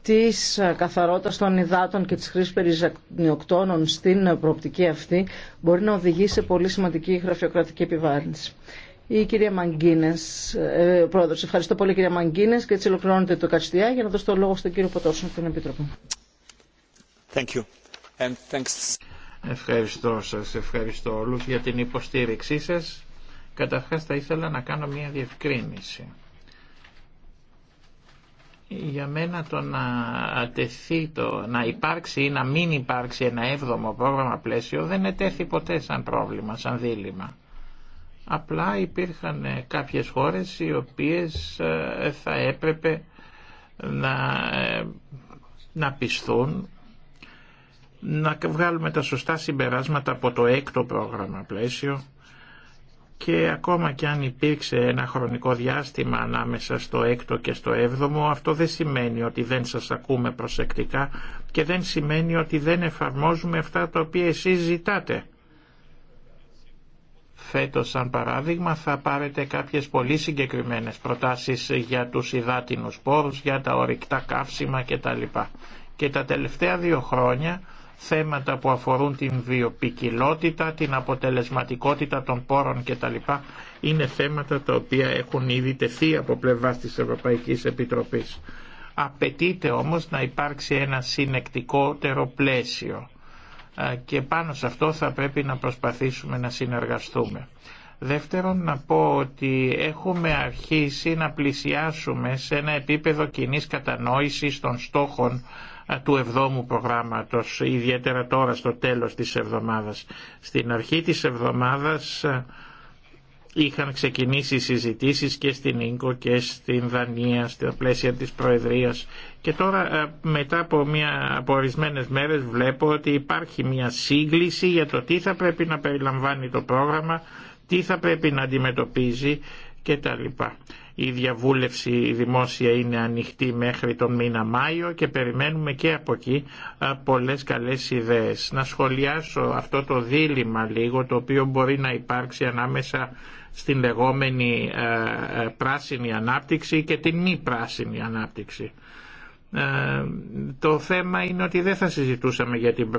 της καθαρότητας των υδάτων και της χρήσης περιζακνιοκτώνων στην προοπτική αυτή μπορεί να οδηγήσει σε πολύ σημαντική γραφειοκρατική επιβάρυνση. Η κυρία Μαγκίνε, πρόεδρο. Ευχαριστώ πολύ, κυρία Μαγκίνε. Και έτσι ολοκληρώνεται το Καρστιά για να δώσω το λόγο στον κύριο Ποτόσον, τον Επίτροπο. Thank you. And Ευχαριστώ σα ευχαριστώ όλου για την υποστήριξή σα. Καταρχά θα ήθελα να κάνω μια διευκρίνηση. Για μένα το να τεθεί, το, να υπάρξει ή να μην υπάρξει ένα έβδομο πρόγραμμα πλαίσιο δεν ετέθη ποτέ σαν πρόβλημα, σαν δίλημα. Απλά υπήρχαν ε, κάποιες χώρες οι οποίες ε, θα έπρεπε να, ε, να να βγάλουμε τα σωστά συμπεράσματα από το έκτο πρόγραμμα πλαίσιο και ακόμα και αν υπήρξε ένα χρονικό διάστημα ανάμεσα στο έκτο και στο έβδομο, αυτό δεν σημαίνει ότι δεν σας ακούμε προσεκτικά και δεν σημαίνει ότι δεν εφαρμόζουμε αυτά τα οποία εσείς ζητάτε. Φέτος, σαν παράδειγμα, θα πάρετε κάποιες πολύ συγκεκριμένες προτάσεις για τους υδάτινους πόρους, για τα ορυκτά καύσιμα κτλ. Και τα τελευταία δύο χρόνια θέματα που αφορούν την βιοπικιλότητα, την αποτελεσματικότητα των πόρων κτλ. είναι θέματα τα οποία έχουν ήδη τεθεί από πλευρά της Ευρωπαϊκής Επιτροπής. Απαιτείται όμως να υπάρξει ένα συνεκτικότερο πλαίσιο και πάνω σε αυτό θα πρέπει να προσπαθήσουμε να συνεργαστούμε. Δεύτερον να πω ότι έχουμε αρχίσει να πλησιάσουμε σε ένα επίπεδο κοινής κατανόησης των στόχων του εβδόμου προγράμματος, ιδιαίτερα τώρα στο τέλος της εβδομάδας. Στην αρχή της εβδομάδας ε, είχαν ξεκινήσει συζητήσεις και στην Ίγκο και στην Δανία στα πλαίσια της Προεδρίας και τώρα ε, μετά από, μια, από μέρες βλέπω ότι υπάρχει μια σύγκληση για το τι θα πρέπει να περιλαμβάνει το πρόγραμμα, τι θα πρέπει να αντιμετωπίζει κτλ. Η διαβούλευση η δημόσια είναι ανοιχτή μέχρι τον μήνα Μάιο και περιμένουμε και από εκεί πολλές καλές ιδέες. Να σχολιάσω αυτό το δίλημα λίγο το οποίο μπορεί να υπάρξει ανάμεσα στην λεγόμενη πράσινη ανάπτυξη και την μη πράσινη ανάπτυξη. Ε, το θέμα είναι ότι δεν θα συζητούσαμε για την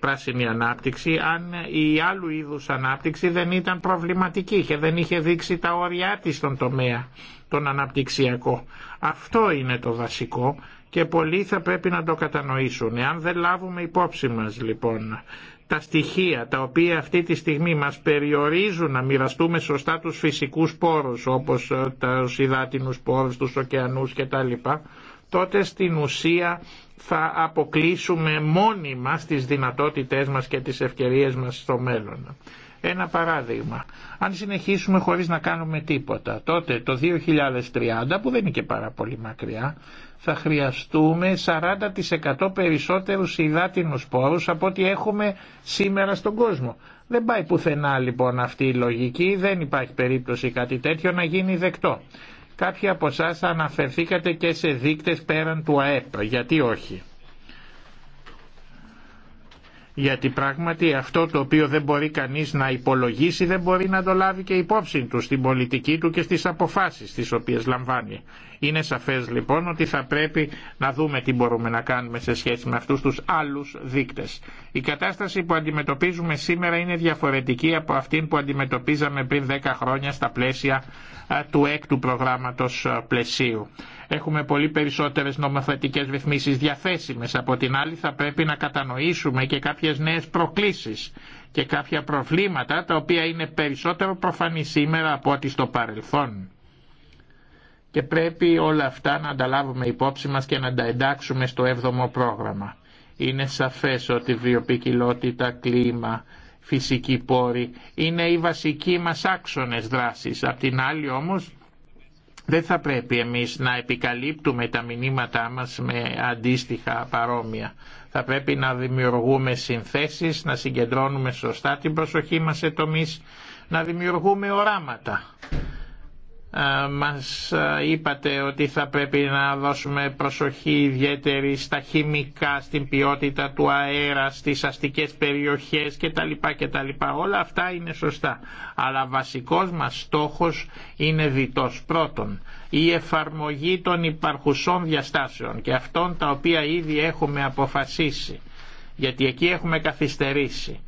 πράσινη ανάπτυξη αν η άλλου είδους ανάπτυξη δεν ήταν προβληματική και δεν είχε δείξει τα όρια της στον τομέα, τον αναπτυξιακό. Αυτό είναι το βασικό και πολλοί θα πρέπει να το κατανοήσουν. Αν δεν λάβουμε υπόψη μας λοιπόν τα στοιχεία τα οποία αυτή τη στιγμή μας περιορίζουν να μοιραστούμε σωστά τους φυσικούς πόρους όπως ε, τους υδάτινους πόρους, τους ωκεανούς κτλ τότε στην ουσία θα αποκλείσουμε μόνοι μας τις δυνατότητές μας και τις ευκαιρίες μας στο μέλλον. Ένα παράδειγμα, αν συνεχίσουμε χωρίς να κάνουμε τίποτα, τότε το 2030 που δεν είναι και πάρα πολύ μακριά, θα χρειαστούμε 40% περισσότερους υδάτινους πόρους από ό,τι έχουμε σήμερα στον κόσμο. Δεν πάει πουθενά λοιπόν αυτή η λογική, δεν υπάρχει περίπτωση κάτι τέτοιο να γίνει δεκτό. Κάποιοι από εσά αναφερθήκατε και σε δείκτες πέραν του ΑΕΠ. Γιατί όχι. Γιατί πράγματι αυτό το οποίο δεν μπορεί κανείς να υπολογίσει δεν μπορεί να το λάβει και υπόψη του στην πολιτική του και στις αποφάσεις τις οποίες λαμβάνει. Είναι σαφές λοιπόν ότι θα πρέπει να δούμε τι μπορούμε να κάνουμε σε σχέση με αυτούς τους άλλους δείκτες. Η κατάσταση που αντιμετωπίζουμε σήμερα είναι διαφορετική από αυτήν που αντιμετωπίζαμε πριν 10 χρόνια στα πλαίσια του έκτου προγράμματος πλαισίου. Έχουμε πολύ περισσότερες νομοθετικές ρυθμίσεις διαθέσιμες. Από την άλλη θα πρέπει να κατανοήσουμε και κάποιες νέες προκλήσεις και κάποια προβλήματα τα οποία είναι περισσότερο προφανή σήμερα από ό,τι στο παρελθόν και πρέπει όλα αυτά να ανταλάβουμε υπόψη μας και να τα εντάξουμε στο 7ο πρόγραμμα. Είναι σαφές ότι βιοπικιλότητα, κλίμα, φυσική πόρη είναι οι βασικοί μας άξονες δράσης. Απ' την άλλη όμως δεν θα πρέπει εμείς να επικαλύπτουμε τα μηνύματά μας με αντίστοιχα παρόμοια. Θα πρέπει να δημιουργούμε συνθέσεις, να συγκεντρώνουμε σωστά την προσοχή μας σε να δημιουργούμε οράματα. Ε, μας ε, είπατε ότι θα πρέπει να δώσουμε προσοχή ιδιαίτερη στα χημικά, στην ποιότητα του αέρα, στις αστικές περιοχές κτλ. κτλ. Όλα αυτά είναι σωστά. Αλλά βασικός μας στόχος είναι διτός. Πρώτον, η εφαρμογή των υπαρχουσών διαστάσεων και αυτών τα οποία ήδη έχουμε αποφασίσει. Γιατί εκεί έχουμε καθυστερήσει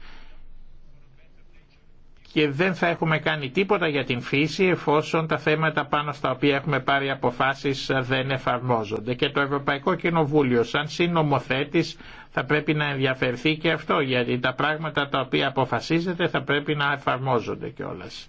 και δεν θα έχουμε κάνει τίποτα για την φύση εφόσον τα θέματα πάνω στα οποία έχουμε πάρει αποφάσεις δεν εφαρμόζονται. Και το Ευρωπαϊκό Κοινοβούλιο σαν συνομοθέτης θα πρέπει να ενδιαφερθεί και αυτό γιατί τα πράγματα τα οποία αποφασίζεται θα πρέπει να εφαρμόζονται κιόλας.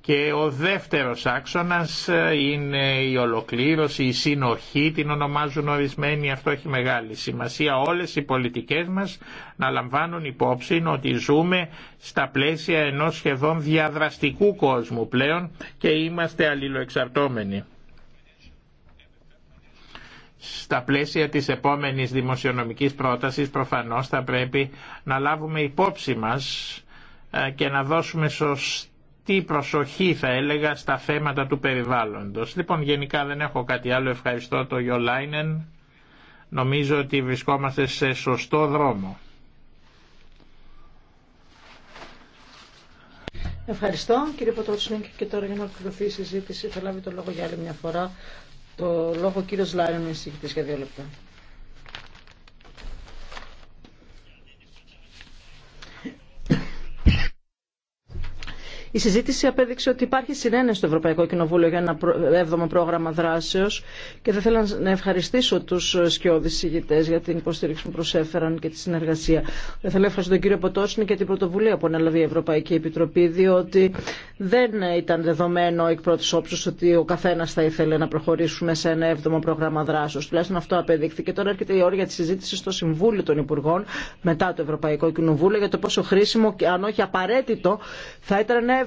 Και ο δεύτερος άξονας ε, είναι η ολοκλήρωση, η συνοχή, την ονομάζουν ορισμένοι, αυτό έχει μεγάλη σημασία. Όλες οι πολιτικές μας να λαμβάνουν υπόψη ότι ζούμε στα πλαίσια ενός σχεδόν διαδραστικού κόσμου πλέον και είμαστε αλληλοεξαρτώμενοι. Στα πλαίσια της επόμενης δημοσιονομικής πρότασης προφανώς θα πρέπει να λάβουμε υπόψη μας ε, και να δώσουμε σωστή αρκετή προσοχή θα έλεγα στα θέματα του περιβάλλοντος. Λοιπόν γενικά δεν έχω κάτι άλλο. Ευχαριστώ το Γιολάινεν. Νομίζω ότι βρισκόμαστε σε σωστό δρόμο. Ευχαριστώ κύριε Ποτρότσινγκ και τώρα για να ολοκληρωθεί η συζήτηση θα λάβει το λόγο για άλλη μια φορά. Το λόγο κύριος Λάινεν εισηγητής για δύο λεπτά. Η συζήτηση απέδειξε ότι υπάρχει συνένεση στο Ευρωπαϊκό Κοινοβούλιο για ένα έβδομο πρόγραμμα δράσεω και θα ήθελα να ευχαριστήσω του σκιώδει ηγητέ για την υποστήριξη που προσέφεραν και τη συνεργασία. Θα ήθελα να ευχαριστήσω τον κύριο Ποτόσνη και την πρωτοβουλία που ανέλαβε η Ευρωπαϊκή Επιτροπή, διότι δεν ήταν δεδομένο εκ πρώτη όψου ότι ο καθένα θα ήθελε να προχωρήσουμε σε ένα έβδομο πρόγραμμα δράσεω. Τουλάχιστον αυτό απέδειχθηκε. Τώρα έρχεται η όρια τη συζήτηση στο Συμβούλιο των Υπουργών μετά το Ευρωπαϊκό Κοινοβούλιο για το πόσο χρήσιμο, αν όχι απαραίτητο, θα ήταν ένα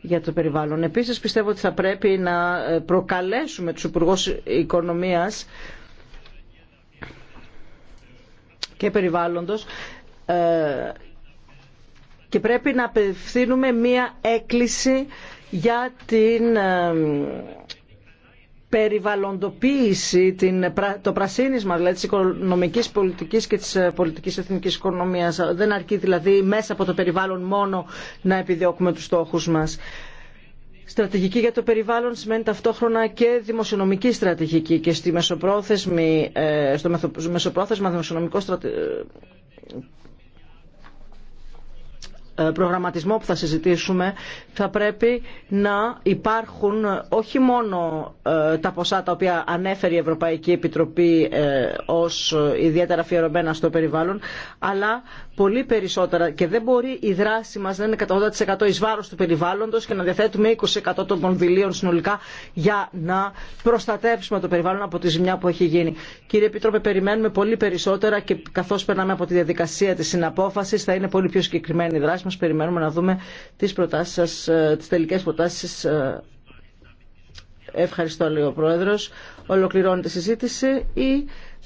για το περιβάλλον. Επίσης πιστεύω ότι θα πρέπει να ε, προκαλέσουμε τους υπουργού Οικονομίας και Περιβάλλοντος ε, και πρέπει να απευθύνουμε μία έκκληση για την ε, περιβαλλοντοποίηση, την, το πρασίνισμα δηλαδή της οικονομικής πολιτικής και της ε, πολιτικής εθνικής οικονομίας. Δεν αρκεί δηλαδή μέσα από το περιβάλλον μόνο να επιδιώκουμε τους στόχους μας. Στρατηγική για το περιβάλλον σημαίνει ταυτόχρονα και δημοσιονομική στρατηγική και στη μεσοπρόθεσμη, ε, στο μεσοπρόθεσμα δημοσιονομικό στρατη... Ε, προγραμματισμό που θα συζητήσουμε θα πρέπει να υπάρχουν όχι μόνο ε, τα ποσά τα οποία ανέφερε η Ευρωπαϊκή Επιτροπή ε, ως ιδιαίτερα αφιερωμένα στο περιβάλλον αλλά πολύ περισσότερα και δεν μπορεί η δράση μας να είναι κατά 80% εις βάρος του περιβάλλοντος και να διαθέτουμε 20% των κονδυλίων συνολικά για να προστατεύσουμε το περιβάλλον από τη ζημιά που έχει γίνει. Κύριε Επίτροπε, περιμένουμε πολύ περισσότερα και καθώς περνάμε από τη διαδικασία της συναπόφασης θα είναι πολύ πιο συγκεκριμένη η δράση μας. Περιμένουμε να δούμε τις, προτάσεις σας, ε, τις τελικές προτάσεις ε. Ευχαριστώ, λέει ο Πρόεδρος. Ολοκληρώνεται η συζήτηση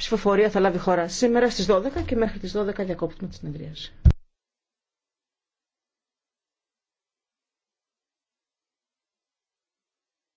ψηφοφορία θα λάβει χώρα σήμερα στις 12 και μέχρι τις 12 διακόπτουμε τη συνεδρίαση.